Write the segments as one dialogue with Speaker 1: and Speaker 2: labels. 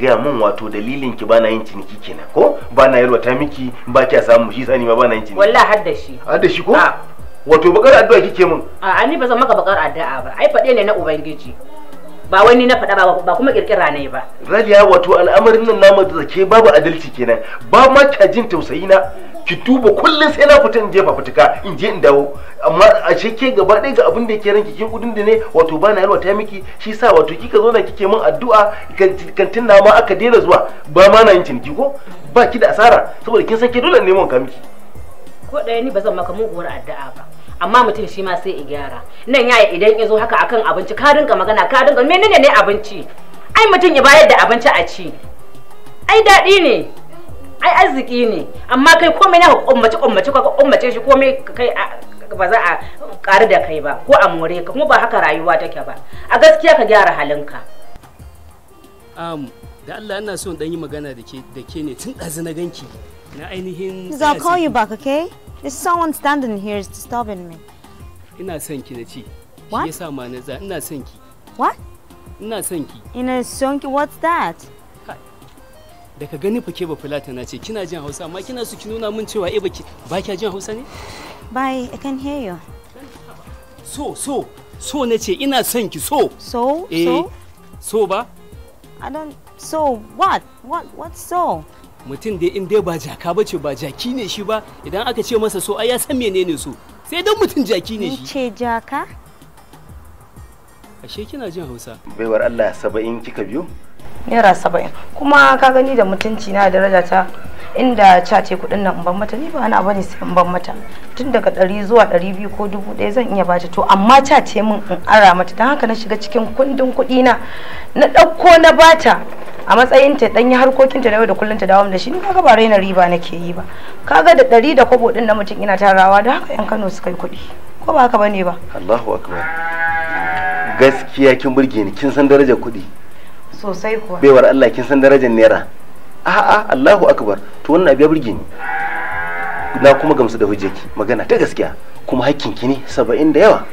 Speaker 1: gaya mun wato dalilin ki bana yin ciniki kenan ko bana ta miki ba kya samu shi sani ma bana yin ciniki wallahi har da shi har da shi ko ah. wato bakar addu'a kike mun
Speaker 2: a ni ba zan maka bakar addu'a ba ai faɗe ne na ubangiji ba wani na faɗa ba kuma kirkira ne ba
Speaker 1: rabiya wato al'amarin nan namu da zake babu adalci kenan ba ma jin tausayi na ki duba kullum sai na fita in je fafutuka in je in dawo amma a ce ke gaba ɗaya ga abin da ke ranki kin kudin da ne wato ba na ta miki shi sa wato kika zo na kike min addu'a kantin na ma aka daina zuwa ba ma na yin ciniki ko ba ki da asara saboda kin san ke dole neman ka miki
Speaker 2: ko ɗaya ni ba zan maka muguwar addu'a ba amma mutum shi ma sai i gyara nan yaya idan ya zo haka akan abinci ka dinga magana ka dinga menene ne abinci ai mutum ya bayar da abinci a ci ai daɗi ne ai arziki ne amma kai komai na ummace ummace ka ummace shi komai kai ba za a ƙaru da kai ba ko a more ka kuma ba haka rayuwa take ba a gaskiya
Speaker 3: ka gyara halinka um, da Allah ina in dan yi magana da ke ne tun ɗazu na ganki na ainihin Please, I'll call you
Speaker 4: back, okay? There's someone standing here
Speaker 3: is disturbing me. Ina son ki na ci. What? yasa ma na za ina son ki. What? Ina son ki. Ina son ki, what's that? Daga gani fa ke ba fulata na ce kina jin Hausa amma kina so ki nuna min cewa eh baki ba kya jin Hausa ne?
Speaker 4: Bye, I can hear you.
Speaker 3: So, so, so na ce ina son ki so. So, eh, so? So ba? I don't so what? What what so? mutum dai in dai ba jaka bace ba jaki ne shi ba idan aka ce masa so ai ya san menene so sai dan mutum jaki ne shi
Speaker 4: ce jaka
Speaker 3: ashe kina jin
Speaker 1: hausa baiwar allah saba'in kika biyo
Speaker 4: naira saba'in kuma ka gani da mutunci na daraja ta inda ca ce kuɗin nan ban mata ni ba wani abu ne sai in ban mata tun daga ɗari zuwa ɗari biyu ko dubu ɗaya zan iya bata to amma ca ce min in ara mata don haka na shiga cikin kundin kuɗi na na ɗauko na bata a matsayin ta ɗanyi harkokinta na yau da kullum ta dawo da shi ni kaga ba raina riba nake yi ba kaga da ɗari da kwabo ɗin na mutum ina tarawa da haka yan Kano suka yi kuɗi ko ba haka bane ba
Speaker 1: Allahu akbar gaskiya kin burge ni kin san darajar kuɗi
Speaker 4: sosai kuwa baiwar
Speaker 1: Allah kin san darajar naira a'a Allahu akbar to wannan abu ya burge ni na kuma gamsu da hujjaki magana ta gaskiya kuma hakkin ki ne saba'in da yawa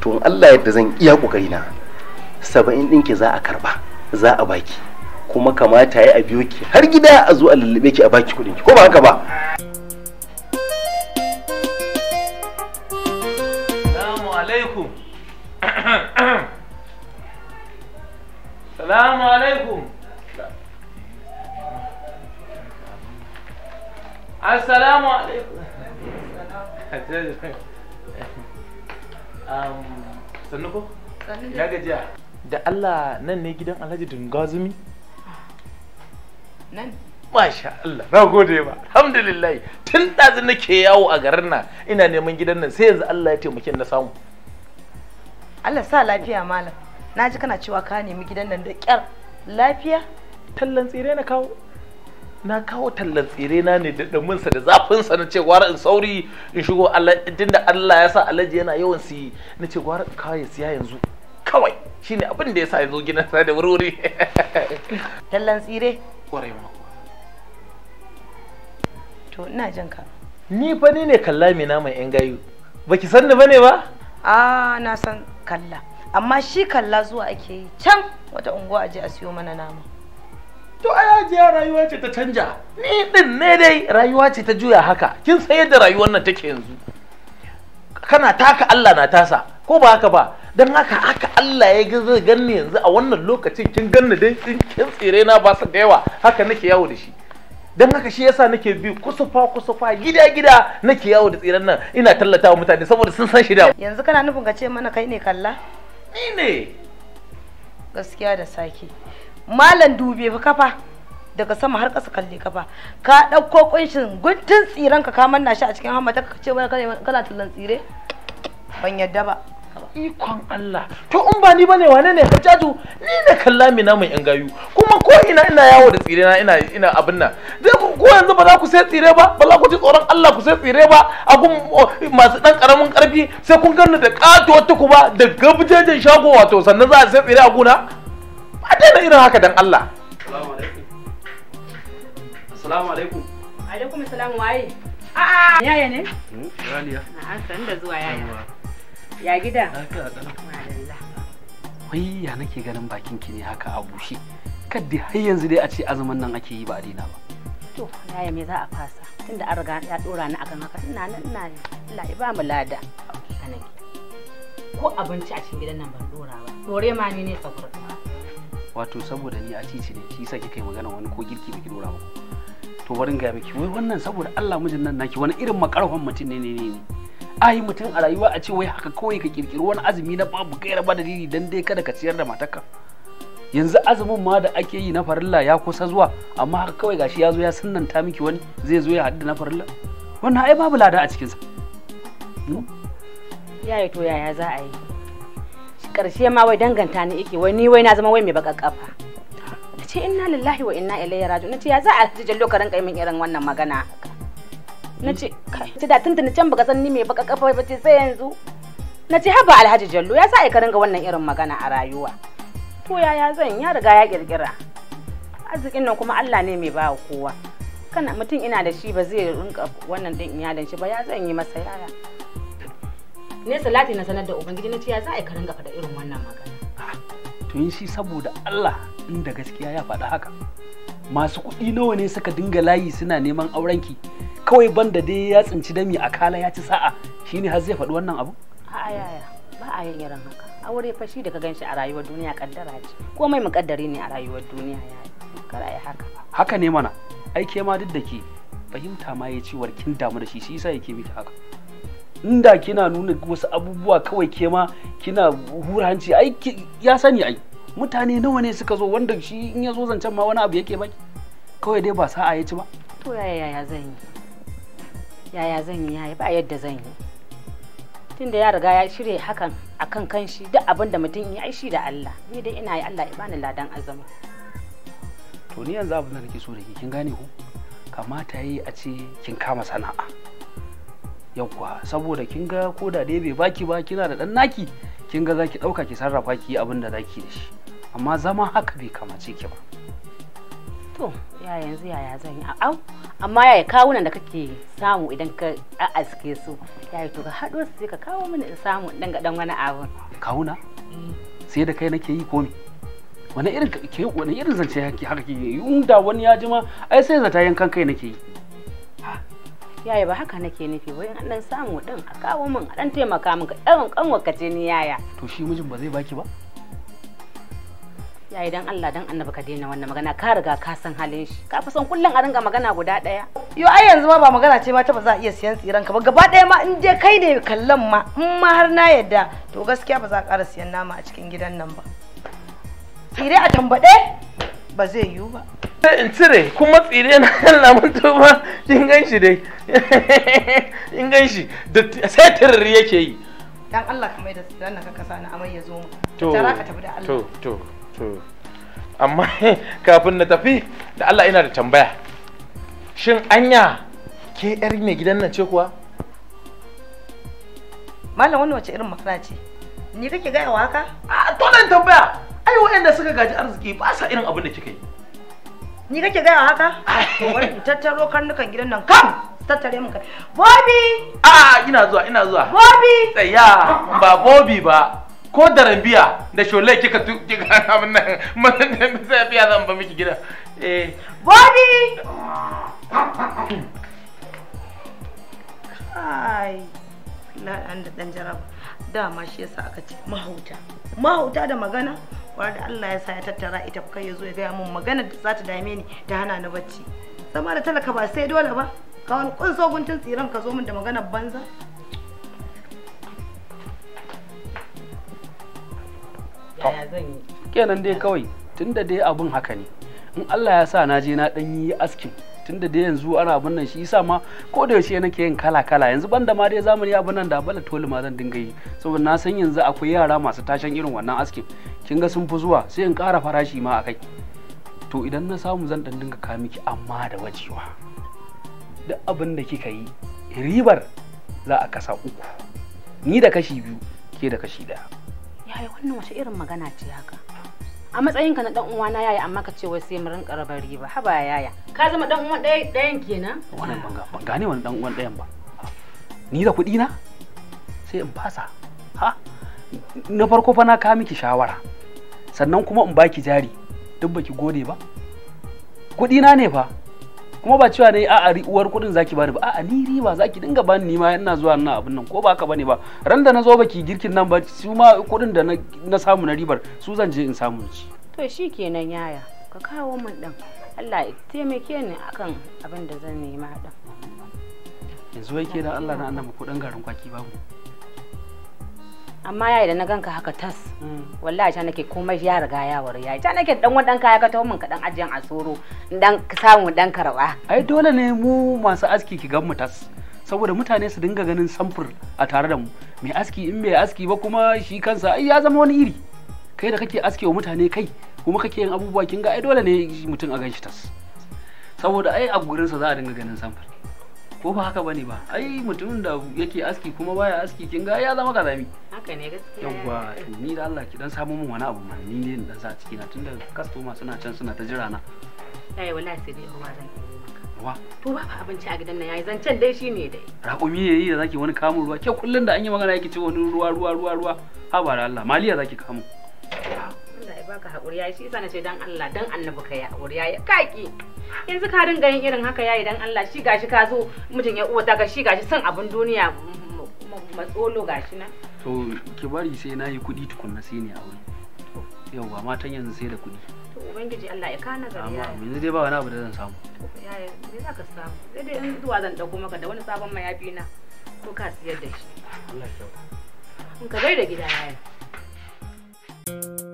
Speaker 1: to in Allah yadda zan iya kokari na saba'in din ki za a karba za a baki kuma kamata ya a biyo ki har gida a zo a lullube ki a baki kudin ki ko ba haka ba
Speaker 5: Assalamu alaikum alaikum assalamu alaikum um, sannu ko ya gajiya da Allah nan ne gidan Alhaji Dungazumi nan Masha Allah, na gode ba, alhamdulillah tun ɗazu nake yawo a garin nan ina neman gidan nan sai yanzu Allah ya taimake na samu.
Speaker 4: Allah sa lafiya malam, na ji kana cewa ka nemi gidan nan da ƙyar lafiya? Tallan tsire na kawo.
Speaker 5: na kawo tallan tsire na ne da ɗuminsa da zafinsa na ce gwara in sauri in shigo tunda Allah ya sa alaji yana yawan siyi na ce gwara kawai ya siya yanzu kawai shine abin da ya sa yanzu gina gidansa da wuri tallan tsire kwarai ma
Speaker 4: to ina jin ka
Speaker 5: ni fa ni ne kalla mai naman yan gayu baki san ni bane ba
Speaker 4: a na san kalla amma shi kalla zuwa ake yi can wata unguwa aje a siyo mana nama
Speaker 5: to ai jiya rayuwa ce ta canja ni din ne dai rayuwa ce ta juya haka kin san yadda rayuwar nan take yanzu kana taka Allah na tasa ko ba haka ba dan haka haka Allah ya gaza ganni yanzu a wannan lokacin kin ganni dai kin tsire na ba su da yawa haka nake yawo da shi don haka shi yasa nake bi kusufa kusufa gida gida nake yawo da tsiren nan ina tallatawa mutane saboda sun san shi da
Speaker 4: yanzu kana nufin ka ce mana kai ne kalla ni ne gaskiya da saki malam dube fa kafa daga sama har ƙasa kalle kafa ka ɗauko kunshin guntun tsiran ka manna shi a cikin hammata ka ce kana tullan
Speaker 5: tsire ban yadda ba ikon Allah to in ba ni bane wane ne hajjaju ni ne kalla mina mai yan gayu kuma ko ina ina yawo da tsire na ina ina abin nan dai ko yanzu ba za ku sai tsire ba ba za ku ji tsoron Allah ku sai tsire ba a gun masu dan karamin karfi sai kun ganni da katuwar ba da gabjejen shago wato sannan za a sai tsire a guna a daina irin haka dan Allah assalamu alaikum assalamu alaikum
Speaker 2: alaikum assalam waye a'a yaya ne
Speaker 5: raliya
Speaker 6: a'a
Speaker 2: san da zuwa yaya ya gida
Speaker 6: wai ya nake ganin bakin ki ne haka a bushe kaddi har yanzu dai a ce azumin nan ake yi ba a ba
Speaker 2: to yaya me za a fasa tunda an riga ya dora ni akan haka ina nan ina ne Allah ya ba mu lada ko abinci a cikin gidan nan ban dora ba dore ma ni ne
Speaker 6: sakurta wato saboda ni a titi ne shi sake kai magana wani ko girki baki dora ba to barin ga miki wai wannan saboda Allah mijin nan naki wani irin makarfan mutum ne ne ne ai mutum a rayuwa a ce wai haka kawai ka kirkiro wani azumi na babu raba da dini dan dai kada ka ciyar da matarka yanzu azumin ma da ake yi na farilla ya kusa zuwa amma haka kawai gashi ya zo ya miki wani zai zo ya haddi na farilla wannan ai babu lada a cikinsa
Speaker 2: hmm? yaya to yaya za a yi karshe ma wai danganta ni yake wai ni wai na zama wai mai baka kafa na ce inna lillahi wa inna ilaihi raji'un na ce ya za a ji jallo ka rinka min irin wannan magana na ce kai da tuntuni can baka san ni mai baka kafa ba ce sai yanzu na ce haba alhaji jallo ya sa ka ringa wannan irin magana a rayuwa to yaya zan ya riga ya kirkira arzikin nan kuma Allah ne mai bawa kowa kana mutum ina da shi ba zai rinka wannan din iyalan shi ba ya zan yi masa yaya ne salati na sanar da ubangiji na ce ya za a ka ringa faɗa irin wannan magana ah,
Speaker 6: to yin shi saboda Allah da gaskiya ya faɗa haka masu kuɗi nawa ne suka dinga layi suna neman aurenki kawai banda dai ya tsinci dami a kala ya ci sa'a shine har zai faɗi wannan abu
Speaker 2: a'a yaya ba a yin irin haka aure fa shi da ka ganshi a rayuwar duniya kaddara ce komai mukaddari ne a rayuwar
Speaker 6: duniya yaya kar haka haka ne mana ai ke ma duk da ke fahimta ma ya ce kin damu da shi shi yasa yake miki haka inda kina nuna wasu abubuwa kawai ke ma kina hura hanci ai ya sani ai mutane nawa ne suka zo wanda shi in ya zo zancen ma wani abu yake baki kawai dai ba sa'a ya ci ba
Speaker 2: to yaya yaya zan yi yaya zan yi yaya ba yadda zan yi tunda ya riga ya shirya hakan akan kanshi duk abin da mutum ya aishi da Allah ni dai ina yi Allah ya bani ladan azama
Speaker 6: to ni yanzu abin da nake so da ki kin gane ko kamata yayi a ce kin kama sana'a yawwa saboda kin ga ko da dai bai baki ba kina da dan naki kin ga zaki dauka ki sarrafa ki abin da zaki da shi amma zama haka bai kamace ki ba
Speaker 2: to ya yanzu yaya zan yi au amma yaya kawunan da kake samu idan ka aske su yaya to ka hado su sai ka kawo mini in samu dan ga dan wani abu
Speaker 6: kawuna eh. sai da kai nake yi komi wani irin ke wani irin zance haka ke yi inda wani ya jima ai sai zata yankan kai nake yi
Speaker 2: yaya ba haka nake nufi wai an dan samu din a kawo min a dan taimaka min ɗan kan wakace ni yaya
Speaker 6: to shi mijin ba zai baki ba
Speaker 2: Yaya dan Allah dan annabi ka daina wannan magana ka riga ka san halin shi ka fi son kullum a ringa magana
Speaker 4: guda daya yo ai yanzu ma ba magana ce ma ta ba za a iya siyan tsiran ka ba gaba daya ma in je kai ne kallon ma in ma har na yadda to gaskiya ba za a ƙara siyan nama a cikin gidan nan ba tsire a tambaɗe
Speaker 5: ba zai yiwu ba sai in cire kuma tsire na yan lamun tuba kin gan shi dai in gan shi sai tirri yake yi
Speaker 4: dan Allah ka mai da dan ka kasa na amai ya zo mu to ka tafi da Allah to
Speaker 5: to to amma kafin na tafi da Allah ina da tambaya shin anya ke yar mai gidan nan ce kuwa
Speaker 4: malam wani wace irin makara ce ni kake gaya wa haka a ah, to nan tambaya ai wa'anda suka gaji arziki ba sa irin abin da kika yi Ni kake gaya haka? Bari in tattaro karnukan gidan nan kam tattare mun kai. Bobi!
Speaker 5: Ah, ina zuwa ina zuwa.
Speaker 4: Bobi! Tsaya
Speaker 5: ba Bobi ba. Ko da rambiya da shole kika kika abin nan mun da sai biya zan ba miki gida. Eh.
Speaker 4: Bobi! Ai. Na dan da dan jaraba. Dama shi yasa aka ce mahauta. Mahauta da magana da Allah ya sa ya tattara ita kai ya zo ya gaya min magana da za ta dame ni ta hana ni bacci zama da talaka ba sai dole ba ka wani kunso guntun tsiran ka zo min da maganar banza
Speaker 6: kenan dai kawai tunda dai abun haka ne in Allah ya sa na je na ɗan yi askin tunda da yanzu ana abin nan shi yasa ma ko da yaushe nake yin kala kala yanzu banda ma dai zamani abin nan da bala toli ma zan dinga yi saboda na san yanzu akwai yara masu tashan irin wannan askin kin ga sun fi zuwa sai in ƙara farashi ma akai to idan na samu zan dan dinga ka miki amma da wajewa duk abin da kika yi ribar za a kasa uku ni da kashi biyu ke da kashi daya
Speaker 2: yaya wannan wace irin magana ce haka a matsayin ka na dan uwa na yaya amma ka ce wai sai mu rinka raba riba haba yaya ka zama dan uwan ɗayan kenan wannan ban
Speaker 6: ga ban gane wani dan uwan ɗayan ba ni da kuɗi na sai in fasa ha na farko fa na ka miki shawara sannan kuma in baki jari duk baki gode ba kuɗi na ne fa kuma ba cewa ne a'a uwar kuɗin zaki bani ba a'a ni riba zaki dinga bani ni ma ina zuwa na abin nan ko ba haka bane ba ran da na zo baki girkin nan ba su ma kuɗin da na samu na ribar su zan je in samu ci
Speaker 2: to shi kenan yaya ka kawo min ɗan, Allah ya taimake ni akan abin da zan nema ɗan.
Speaker 6: yanzu wai ke Allah na annabi kuɗin garin kwaki babu
Speaker 2: amma yayi da na ganka haka tas mm. wallahi ja nake komai ya riga ya wari ya ja nake dan wadan kaya ka tawo min kadan dan ajiyan asoro dan samu dan karba
Speaker 6: ai dole ne mu masu aski ki gan mu tas saboda mutane su dinga ganin samfur a tare da mu mai aski in bai aski ba kuma shi kansa ai ya zama wani iri kai da kake aski wa mutane kai kuma kake yin abubuwa kin ga ai dole ne mutum a ganshi tas saboda ai a gurinsa za a dinga ganin samfur ko ba haka bane ba ai mutumin da yake aski kuma baya aski kin ga ya zama kazami
Speaker 2: haka ne gaskiya yawa
Speaker 6: to ni da Allah ki dan samu min wani abu ma ni ne dan sa ciki na tunda customer suna can suna ta jira na
Speaker 2: ai wallahi sai dai ruwa zan yi ruwa to ba abinci a gidan nan yayi can dai shine dai
Speaker 6: raƙumi yayi da zaki wani kamun ruwa ke kullun da an yi magana yake ci wani ruwa ruwa ruwa ruwa ha ba Allah maliya zaki kamun
Speaker 2: Allah ya baka haƙuri yayi shi yasa na ce dan Allah dan annabi ka ya haƙuri yayi kaki yanzu ka dinga yin irin haka ya dan Allah shi gashi ka zo mijin ya uwa daga shi gashi son abin duniya matsolo gashi na
Speaker 6: to ki bari sai na yi kuɗi tukunna sai ne aure yauwa matan yanzu sai da kuɗi
Speaker 2: to ubangiji Allah ya kana gari ya
Speaker 6: yanzu dai ba wani abu da zan samu
Speaker 2: yaya me za ka samu sai dai in zuwa zan dauko maka da wani sabon mayafi na ko ka siyar da shi Allah ya in ka gaida gida yaya thank you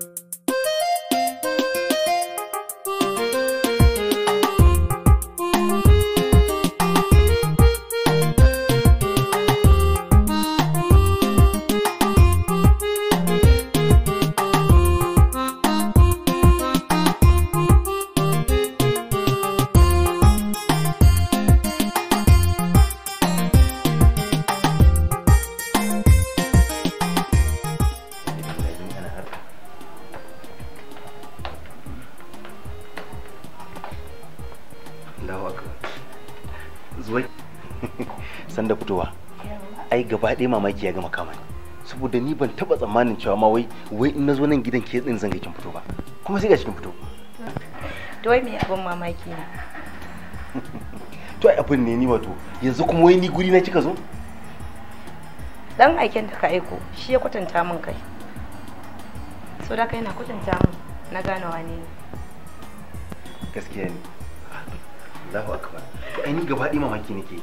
Speaker 1: ɗaya mamaki ya gama kama ni saboda ni ban taba tsammanin cewa ma wai wai in nazo nan gidan ke din zan kin fito ba kuma sai ga cikin fito
Speaker 4: to wai me abun mamaki ne
Speaker 1: to ai abin ne ni wato yanzu kuma wai ni guri na kika zo
Speaker 4: dan aiken da ka aiko shi ya kwatanta min kai so da kai na kwatanta min na gane wane ne
Speaker 1: gaskiya ne Allahu akbar to ai ni gaba ɗaya mamaki nake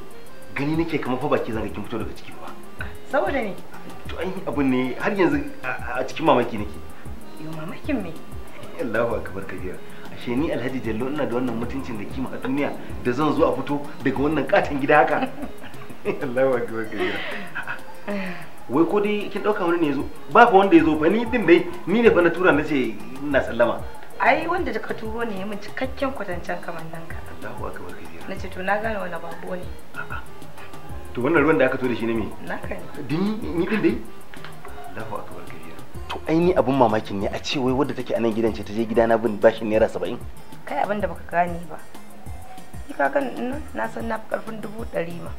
Speaker 1: gani nake kamar fa baki zan kin fito daga ciki ba saboda ne to an yi abu ne har yanzu a cikin mamaki nake
Speaker 4: yo mamakin me
Speaker 1: Allahu akbar kabira ashe ni Alhaji Jallo ina da wannan mutuncin da kima a duniya da zan zo a fito daga wannan katin gida haka Allahu akbar kabira wai ko dai kin dauka wani ne yazo ba fa wanda yazo fa ni din dai ni ne fa na tura nace ina sallama
Speaker 4: ai wanda ka turo ne ya mun cikakken kwatancen kamannin ka
Speaker 1: Allahu akbar kabira
Speaker 4: nace to na gane wani babo ne a'a
Speaker 1: to wannan ruwan da aka to da shi ne me naka din ni din dai Allahu akbar gariya to ai ni abun mamakin ne a ce wai wadda take a nan gidan ce ta je gidana bin bashin naira 70
Speaker 4: kai abin da baka gane ba ni ka gan nan na san na fi karfin dubu ɗari ma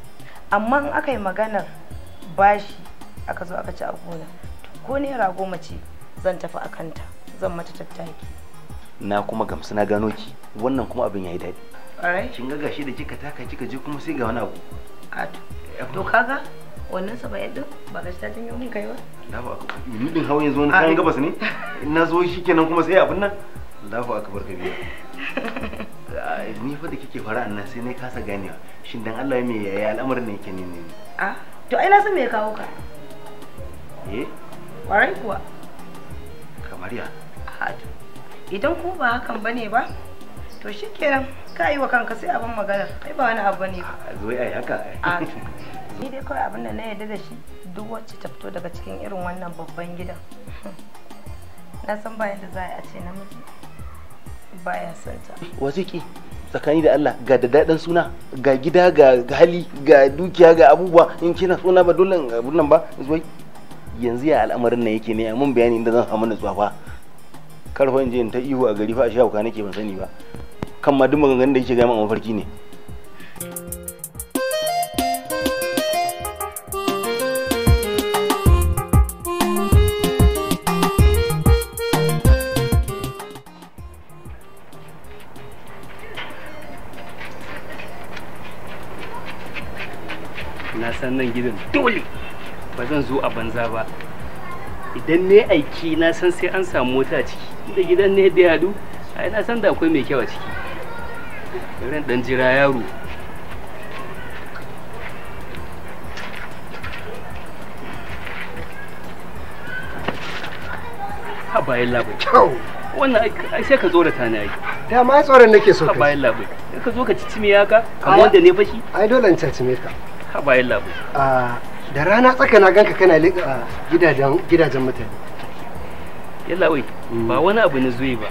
Speaker 4: amma in aka yi maganar bashi aka zo aka ci a gona ko naira goma ce zan tafi a kanta zan mata tattaki
Speaker 1: na kuma gamsu na gano ki wannan kuma abin yayi daɗi kin ga gashi da kika taka kika je kuma sai ga wani abu
Speaker 4: a to kaga wannan saba'in din ba mun kai ba
Speaker 1: Allahu akbar yanzu wani kayan gabas ne na zo kuma sai abin nan ni fa da kike fara annan sai na kasa ganewa shin dan Allah me al'amarin ne yake ne ne
Speaker 4: a ah, to ai na san me ya kawo ka eh kwarai kuwa kamar ya ah, idan ku ba hakan bane ba to shikenan ka wa kanka sai abin magana ai ba wani abu ne
Speaker 1: zo ai haka ai
Speaker 4: ni dai kawai abin da na yarda da shi duk wacce ta fito daga cikin irin wannan babban gidan na san ba yadda za a ce namiji baya son ta
Speaker 1: wasiki tsakani da Allah ga da daɗin suna ga gida ga hali ga dukiya ga abubuwa in kina suna ba dole nan ba zuwa yanzu ya al'amarin nan yake ne mun bayani inda zan samu nutsuwa fa karfa in je in ta ihu a gari fa a shawo nake ban sani ba kan ma duk maganganun da yake gaya min mafarki ne
Speaker 3: na san nan gidan dole ba zan zo a banza ba idan ne aiki na san sai an samu mota ciki da gidan ne da yadu ai na san da akwai mai kyau a ciki irin dan jira yaro ha bayan labai kyau wannan ai sai ka zo da tana yi da ma tsoron nake so ka bayan labai ka zo ka cicime ya ka
Speaker 7: kamar wanda ne fashi ai dole in cicime ka ha bayan labai da rana tsaka na ganka kana liƙa gidajen gidajen mutane
Speaker 3: yalla wai mm. ba wani abu na zuwa ba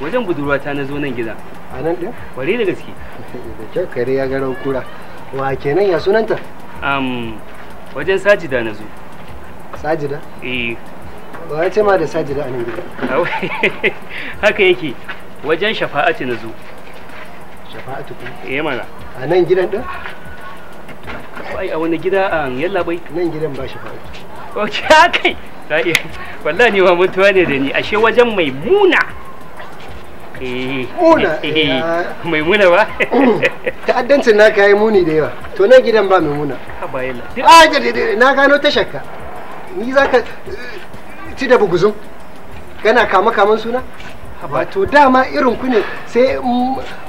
Speaker 3: wajen budurwata na zo nan gida. a nan din kware da gaske
Speaker 7: da kyau kare ya garau kura wa kenan ya sunanta
Speaker 3: um wajen sajida na zo sajida eh
Speaker 7: ba ya ce ma da sajida a nan gida
Speaker 3: haka yake wajen shafa'atu na zo shafa'atu kuma eh mana a nan gidan din ai a wani gida a yalla bai nan gidan ba shafa'atu okay kai wallahi ni ma mutuwa ne da ni ashe wajen mai maimuna muna mai muna ba mm.
Speaker 7: ta'addancin na kayi muni da yawa to nan gidan ba mai muna a na gano ta shakka ni za ka eh, ci da buguzun kana kama kaman suna wato dama irin ku ne sai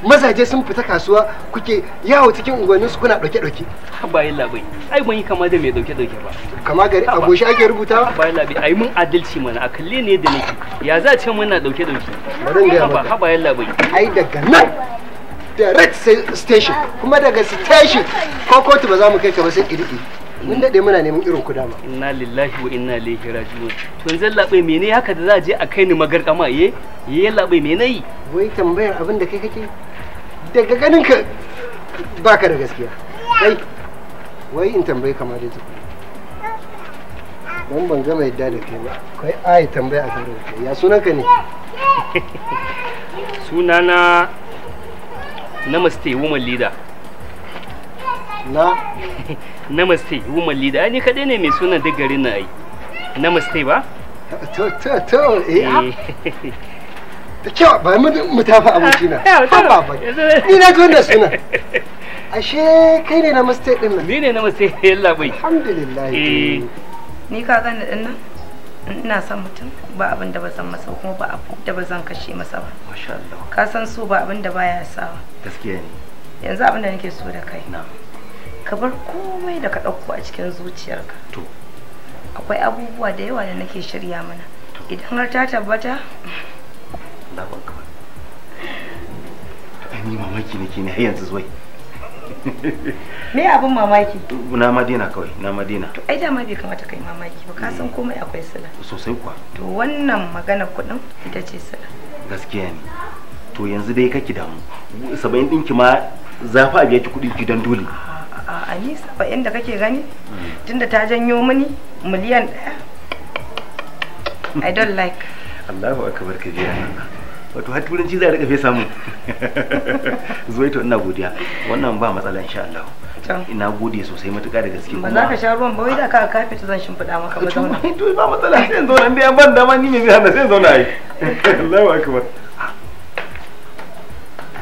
Speaker 7: mazaje sun fita kasuwa kuke yawo cikin unguwannin su kuna dauke dauke
Speaker 3: yi labai ai ban yi kama da mai dauke dauke ba kama gari a goshi ake rubuta rubutawa yi labai ai mun adalci mana a kalle ne da nake ya za ce muna dauke dauke bari ga ba ha labai
Speaker 7: ai daga nan direct station kuma daga station ko kotu ba za mu kai ka ba sai kirki mun dade muna neman irin ku dama inna
Speaker 3: lillahi wa inna ilaihi raji'un to yanzu labai ne haka da za a je a kai ni magarkama ye
Speaker 7: ye labai me yi wai tambayar abin da kai kake daga ganin ka baka da gaskiya kai wai in tambayi kama dai ta don ban gama yadda da kai ba kai ai tambaya a kan kai ya sunan ka ne
Speaker 3: sunana namaste woman leader na namaste woman leader ne ni kadai ne mai sunan duk garin na ai namaste ba to to to eh, eh.
Speaker 7: da kyau ba mu tafi abinci na ba ba ni na ji da suna ashe kai ne namaste din nan ni ne
Speaker 3: namaste yalla bai alhamdulillah eh.
Speaker 4: ni ka gane din nan ina son mutum ba abin da ba zan masa kuma ba abu da ba zan kashe masa ba masha Allah ka san so ba abin da baya sawa gaskiya ne yanzu abin da nake so da kai na'am ka bar komai da ka ɗauko a cikin zuciyarka to akwai abubuwa da yawa da nake shirya mana idan har ta tabbata
Speaker 1: na banka ni mamaki nake ne har yanzu zuwai me abin mamaki na madina kawai na madina to
Speaker 4: ai dama bai kamata kai mamaki ba ka san mm. komai akwai sila sosai kuwa to wannan magana kuɗin ita ce sila
Speaker 1: gaskiya ne to yanzu dai kake damu saba'in ɗinki ma zafi a biya ki kuɗin ki don dole
Speaker 4: ni saba'in inda kake gani tunda ta janyo mini miliyan daya. i don't like
Speaker 1: allahu akbar kabiya wato har turanci za a rika fesa mu zuwa ina godiya wannan ba matsala insha Allah ina gode sosai matuƙa da gaske ba za ka sha
Speaker 4: ruwan ba wai da ka kafe ta zan shimfiɗa maka ba zauna to ba matsala
Speaker 1: sai zauna dai ban dama ni mai zai hana sai zauna ai Allahu akbar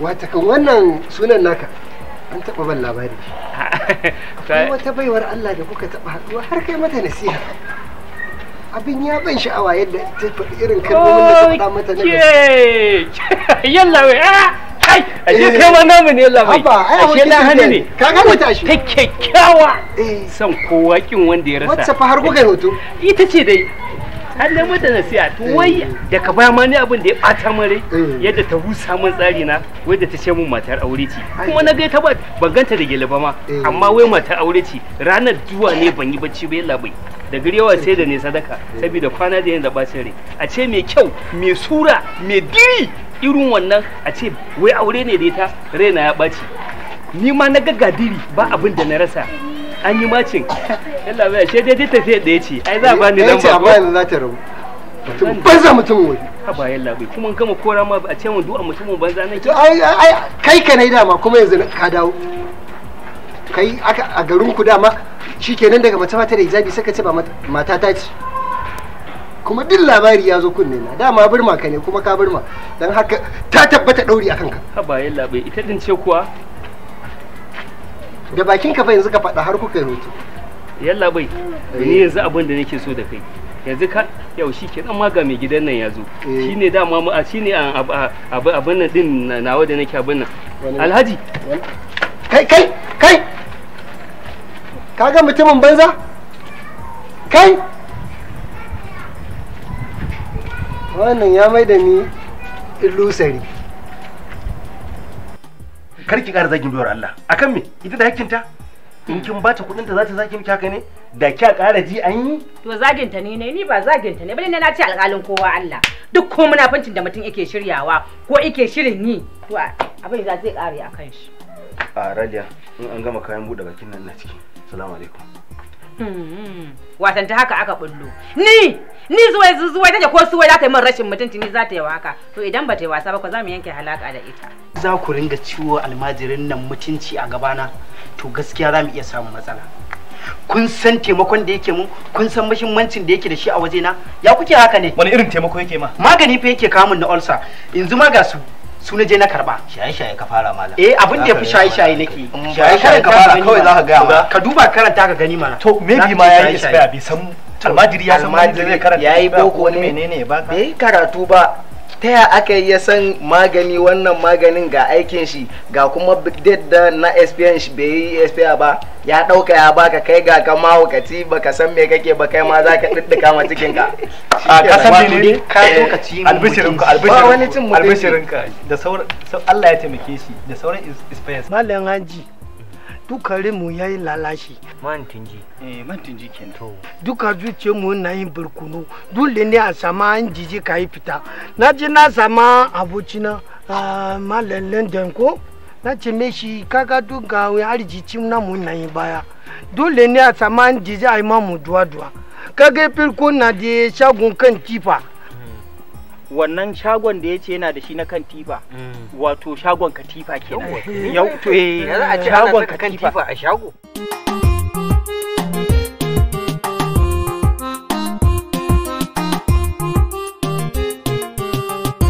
Speaker 7: wata kan wannan sunan naka an taɓa ban labari akwai wata baiwar Allah da kuka taɓa haɗuwa har kai mata nasiha abin ya ban sha'awa yadda ta faɗi irin kalmomin da ta faɗa mata na
Speaker 3: yalla wai ah!
Speaker 7: ai ashe eh. kai ma namu ne yalla wai ashe na hannu ne kaga mu tashi ta kyakkyawa
Speaker 3: eh. san kowa kin wanda ya rasa wacce fa har kuka hoto ita ce dai har nemo da nasiya to wai da ka baya ma ni abin da ya bata min rai mm. yadda ta husa mun tsari na wai da ta ce min matar aure ce kuma na ga ta ba ban ganta da gele ma mm. amma wai matar aure ce ranar duwa ne ban yi bacci ba yalla bai da yawa sai da ne sadaka saboda kwana da yin da bacin rai a ce mai kyau mai sura mai diri irin wannan a ce wai aure ne da ita raina ya baci. ni ma na ga gadiri ba abin da na rasa an yi macin yalla bai shi dai dai sai da yace ai za ba ni lamba ba.
Speaker 7: yanzu za ta rabu banza mutum wani
Speaker 3: ha ba yalla bai kuma gama kora
Speaker 7: ma a ce mun du'a mutum banza nan to ai ai kai ka nai dama kuma yanzu ka dawo kai aka a garin ku dama shikenan daga mace mata da hijabi saka ce ba mata ta ce kuma duk labari ya zo kunne na dama birma ka ne kuma ka birma dan haka ta tabbata dauri akan ka
Speaker 3: ha ba yalla bai ita din ce kuwa
Speaker 7: da bakin ka fa yanzu ka faɗa har ku yi hoto
Speaker 3: yalla bai eh. ni yanzu abin da nake so da kai yanzu ka yau shi ke dan ga mai gidan nan ya zo eh. shine dama mu a shine abin nan din nawa da nake abin nan alhaji
Speaker 7: kai kai kai ka mutumin banza kai wannan ya mai da ni illusari kar ki ƙara zagin biyar Allah akan me
Speaker 1: ita da ta in kin bata kudin ta za ta zaki miki haka ne da kya ƙara ji an yi
Speaker 2: to zagin ta ne ne ni ba zagin ta ne bane na ce alƙalin kowa Allah duk ko munafincin da mutum yake shiryawa ko yake shirin yi to abin za zai a kan shi a radiya
Speaker 1: in an gama kayan bude bakin nan na ciki assalamu alaikum
Speaker 2: hmm, watan ta haka aka bullo ni ni zuwai zuwa take ko suwai za ta yi min rashin mutunci ni za ta yi haka to idan ba ta yi wasa ba ko za mu yanke halaka da ita
Speaker 6: za ku ringa ciwo almajirin nan mutunci a gabana to gaskiya za mu iya samun matsala kun san taimakon da yake mun kun san muhimmancin da yake da shi a wajena ya kuke haka ne wani irin taimako yake ma magani fa yake kamun na ulcer yanzu ma ga su su na je na karba
Speaker 1: shaye shaye ka fara mala eh abin da yafi shaye
Speaker 6: shaye nake shaye shaye ka fara kawai zaka ga ma
Speaker 1: ka duba karanta ka gani mana to maybe ma yayi expire bi san almajiri ya san almajiri ya karanta yayi boko wani menene ba ka bai karatu ba ta ya aka yi san magani wannan maganin ga aikin shi ga kuma da na espiyan shi bai yi espiya ba ya dauka ya baka kai ga ka ba baka san me kake ba kai ma za ka ɗiɗɗika ma cikin ka a kasan ne ne ka ɗauka ci albishirinka albishirinka da sauran Allah ya taimake shi da sauran espiyan malam haji
Speaker 7: dukare mu yayi lalashi man tinji eh man tinji kenan to duka zuciye mu na yin barkuno dole ne a sama an jiji kai fita na ji na sama abocina malallen danko na ce me shi kaga duka arjicin na mu na yin baya dole ne a sama an jiji a yi mamu duwa-duwa kaga firko na da shagun kan tifa
Speaker 1: wannan shagon da ya ce yana da shi na kan tifa mm. wato shagon katifa kenan yau to eh, shagon
Speaker 2: katifa a shago